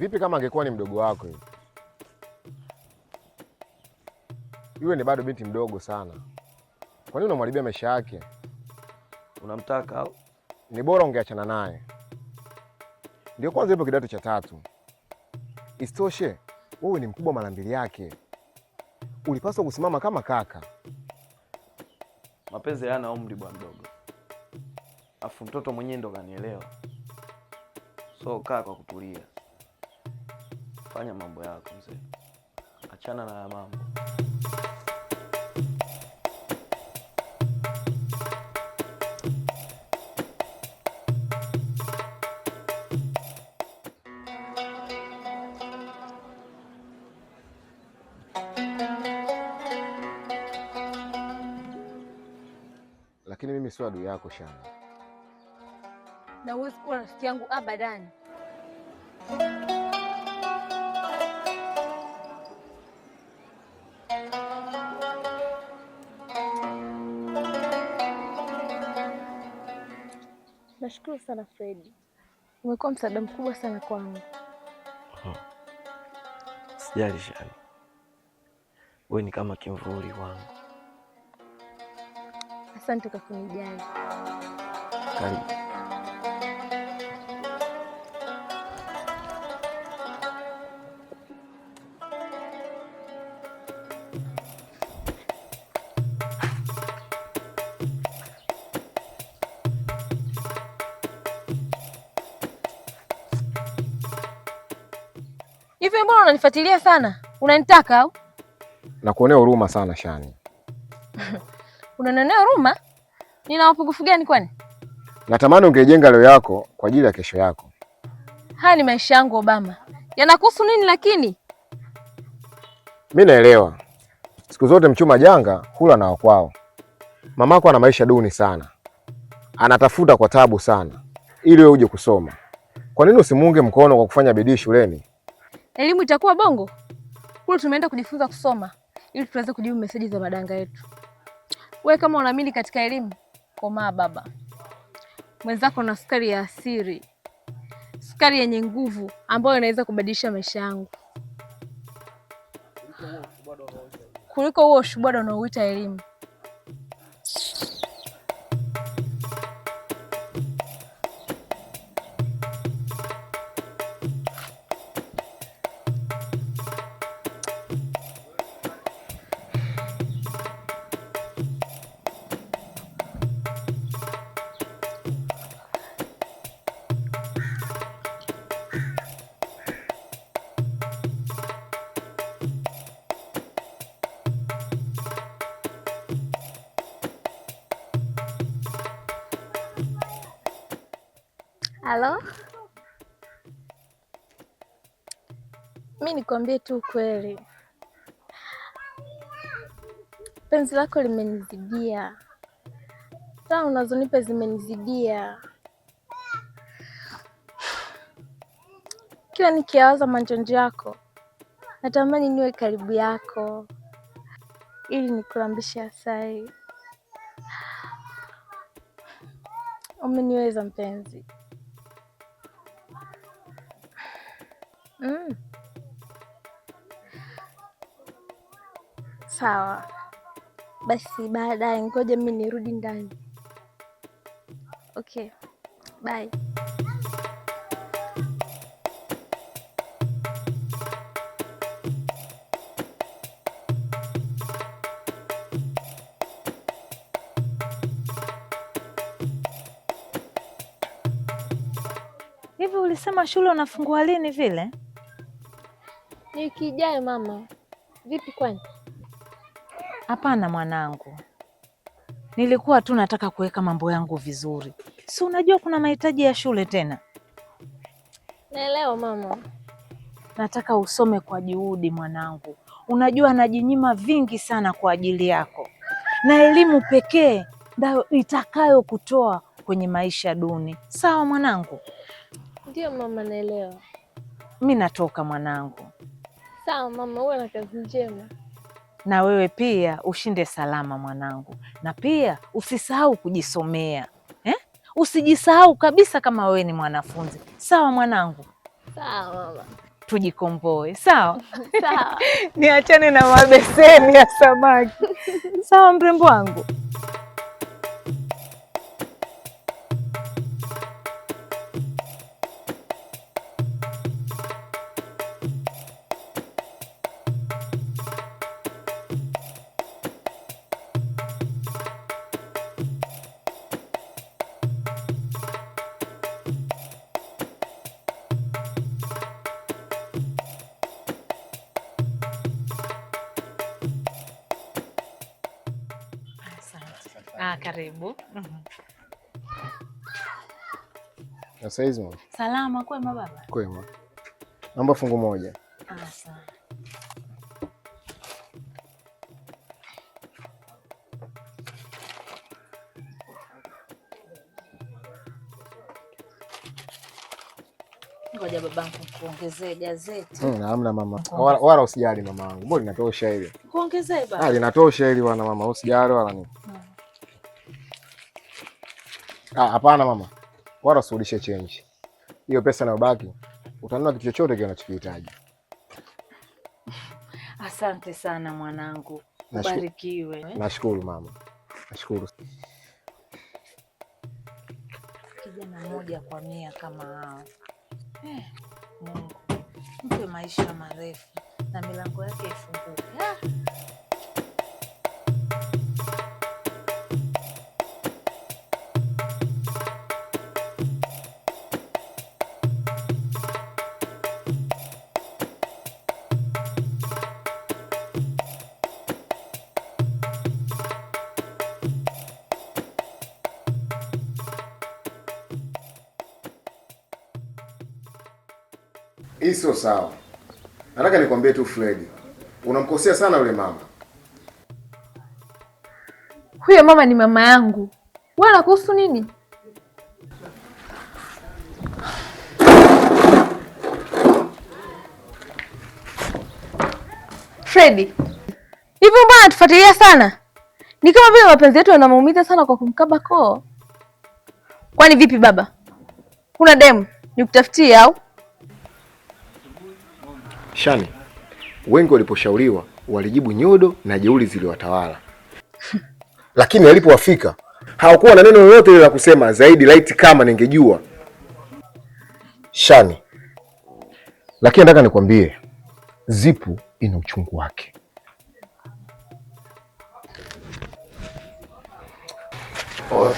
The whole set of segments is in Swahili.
Vipi kama angekuwa ni mdogo wako hivi? Yule ni bado binti mdogo sana, kwa nini unamharibia maisha yake? Unamtaka au? Ni bora ungeachana naye, ndio kwanza ipo kidato cha tatu. Isitoshe wewe ni mkubwa mara mbili yake, ulipaswa kusimama kama kaka. Mapenzi hayana umri bwana mdogo, afu mtoto mwenyewe ndo kanielewa, so kaa kwa kutulia fanya mambo yako mzee, achana na mambo lakini mimi sio adui yako Shana, na huwezi kuwa rafiki yangu abadani. Nashukuru sana Fredi, umekuwa msaada mkubwa sana kwangu. Sijali Shani, wewe ni kama kimvuli wangu. Asante kwa kunijali. Karibu. Hivi mbona unanifuatilia sana? Unanitaka au? Nakuonea huruma sana Shani. Unanionea huruma? Nina upungufu gani kwani? Natamani ungejenga leo yako kwa ajili ya kesho yako. Haya ni maisha yangu Obama. Yanakuhusu nini lakini? Mi naelewa siku zote mchuma janga hula na wakwao. Mamako ana maisha duni sana, anatafuta kwa tabu sana ili wewe uje kusoma. Kwa nini usimuunge mkono kwa kufanya bidii shuleni elimu itakuwa bongo kule. Tumeenda kujifunza kusoma ili tuweze kujibu meseji za madanga yetu. We kama unaamini katika elimu, komaa baba mwenzako na sukari ya asiri, sukari yenye nguvu ambayo inaweza kubadilisha maisha yangu kuliko huo ushubwada unaouita elimu. Halo, mi nikwambie tu ukweli, penzi lako limenizidia. Saa unazonipa zimenizidia, kila nikiawaza manjonjo yako natamani niwe karibu yako ili nikulambishe asai Umeniweza mpenzi. Mm. Sawa basi, baadaye ngoja mimi nirudi ndani. Okay, bye. Hivi ulisema shule unafungua lini vile? wiki ijayo. Mama vipi kwani? Hapana mwanangu, nilikuwa tu nataka kuweka mambo yangu vizuri, si unajua kuna mahitaji ya shule tena. Naelewa mama. Nataka usome kwa juhudi mwanangu, unajua najinyima vingi sana kwa ajili yako, na elimu pekee ndio itakayokutoa kwenye maisha duni. Sawa mwanangu? Ndio mama, naelewa. Mi natoka mwanangu. Sawa mama, uwe na kazi njema. Na wewe pia ushinde salama mwanangu, na pia usisahau kujisomea eh? Usijisahau kabisa kama wewe ni mwanafunzi. Sawa mwanangu? Sawa mama. Tujikomboe. Sawa, sawa. Niachane na mabeseni ya samaki. Sawa mrembo wangu. Ah, karibu. Mhm. Asaizi mama. Salama, kwema baba? Kwema. Naomba fungu moja. Ah, sawa. Ngoja babangu kuongezee gazeti. Hmm, hamna mama. Wala, wala usijali mama wangu. Mbona linatosha hili? Kuongezee baba. Ah, linatosha hili wana mama, usijali wala nini. Hmm. Ah, hapana mama, wala usirudishe change hiyo. Pesa inayobaki utanunua kitu chochote kile unachokihitaji. Asante sana mwanangu, ubarikiwe. Nashukuru mama, nashukuru. Kijana mmoja kwa mia kama hao eh, Mungu mpe maisha marefu na milango yake ifunguke. Ah! Hii sio sawa. Nataka nikwambie tu Fred, unamkosea sana yule mama. Huyo mama ni mama yangu, wala kuhusu nini? Fredi, hivyo mbona natufuatilia sana? Ni kama vile mapenzi yetu yanamuumiza sana kwa kumkaba koo. Kwani vipi baba, kuna demu nikutafutie au? Shani, wengi waliposhauriwa walijibu nyodo na jeuri ziliwatawala lakini walipowafika hawakuwa na neno lolote la kusema zaidi, laiti kama ningejua. Shani, lakini nataka nikwambie, zipu ina uchungu wake. Oh.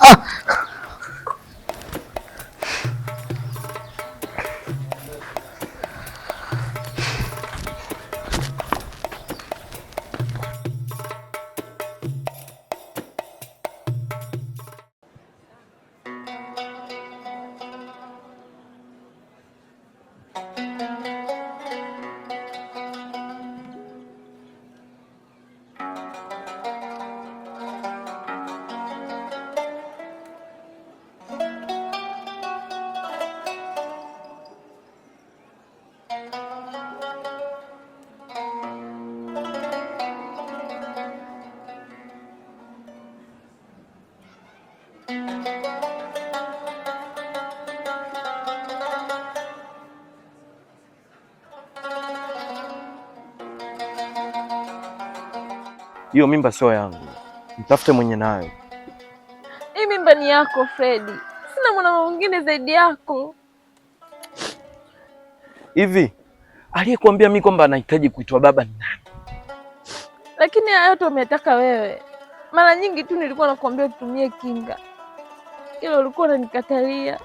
ah! Hiyo mimba sio yangu, mtafute mwenye nayo. Hii mimba ni yako Fredi, sina mwanaume mwingine zaidi yako. Hivi aliyekuambia mimi kwamba anahitaji kuitwa baba ni nani? Lakini hayo yote umetaka wewe. Mara nyingi tu nilikuwa nakwambia utumie kinga ila ulikuwa unanikatalia.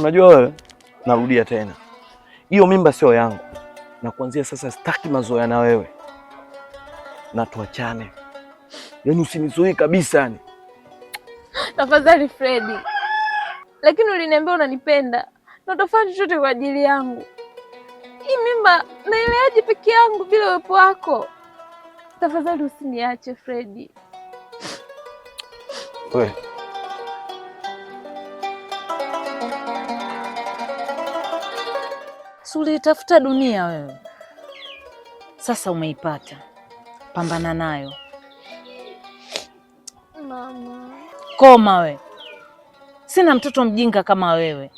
Unajua wewe, narudia tena, hiyo mimba sio yangu, na kuanzia sasa sitaki mazoea na wewe, na tuachane. Yaani usinizuii kabisa, yani tafadhali Fredi. Lakini uliniambia unanipenda na utafanya chochote kwa ajili yangu. Hii mimba naileaje peke yangu bila uwepo wako? Tafadhali usiniache Fredi. We. dunia wewe, sasa umeipata, pambana nayo mama. Koma we, sina mtoto mjinga kama wewe.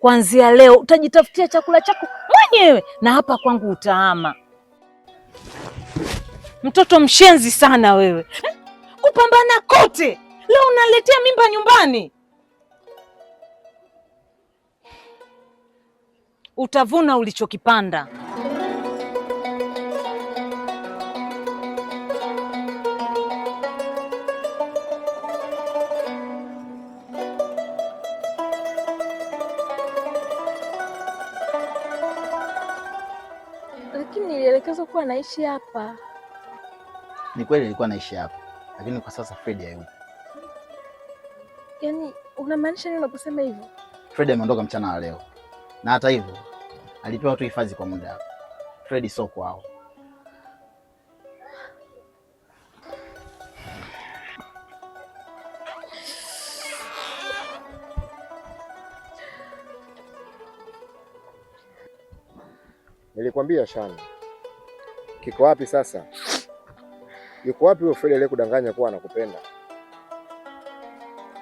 Kuanzia leo utajitafutia chakula chako mwenyewe, na hapa kwangu utaama. Mtoto mshenzi sana wewe kupambana kote, leo unaletea mimba nyumbani. Utavuna ulichokipanda. Lakini nilielekezwa kuwa naishi hapa. Ni kweli nilikuwa naishi hapa lakini kwa sasa Fredi hayupo. Yaani unamaanisha nini unaposema hivyo? Fredi ameondoka mchana wa leo, na hata hivyo alipewa tu hifadhi kwa muda. Fredi sio kwao. Nilikwambia Shani, kiko wapi sasa? Yuko wapi huyo Fred aliyekudanganya kuwa anakupenda?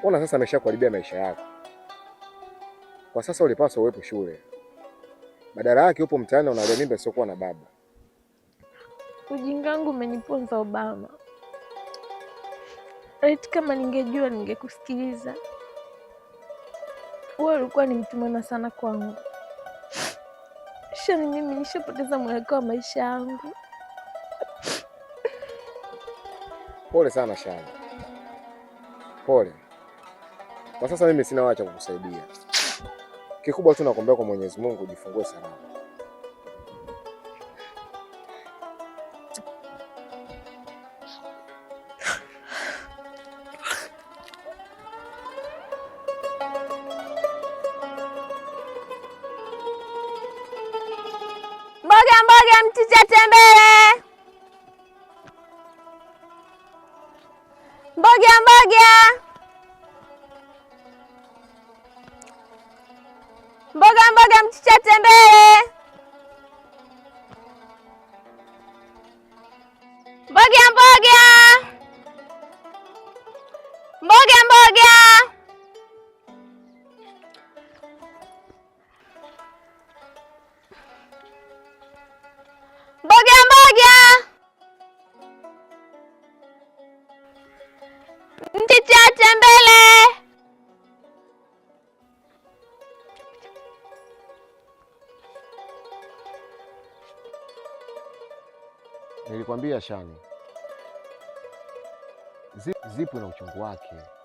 Ona sasa ameshakuharibia maisha yako. Kwa sasa ulipaswa uwepo shule, badala yake upo mtaani unalia mimba isiyokuwa na baba. Ujinga wangu umeniponza Obama. Eti kama ningejua ningekusikiliza. Wewe ulikuwa ni mtu mwema sana kwangu, shani mimi nishapoteza mwelekeo wa maisha yangu. Pole sana Shani, pole. Kwa sasa mimi sina wacha kukusaidia, kikubwa tu nakuombea kwa Mwenyezi Mungu ujifungue salama. Mboga mboga mboga mboga, mchicha tembele Kiti chake mbele. Nilikwambia Shani, zipu na uchungu wake.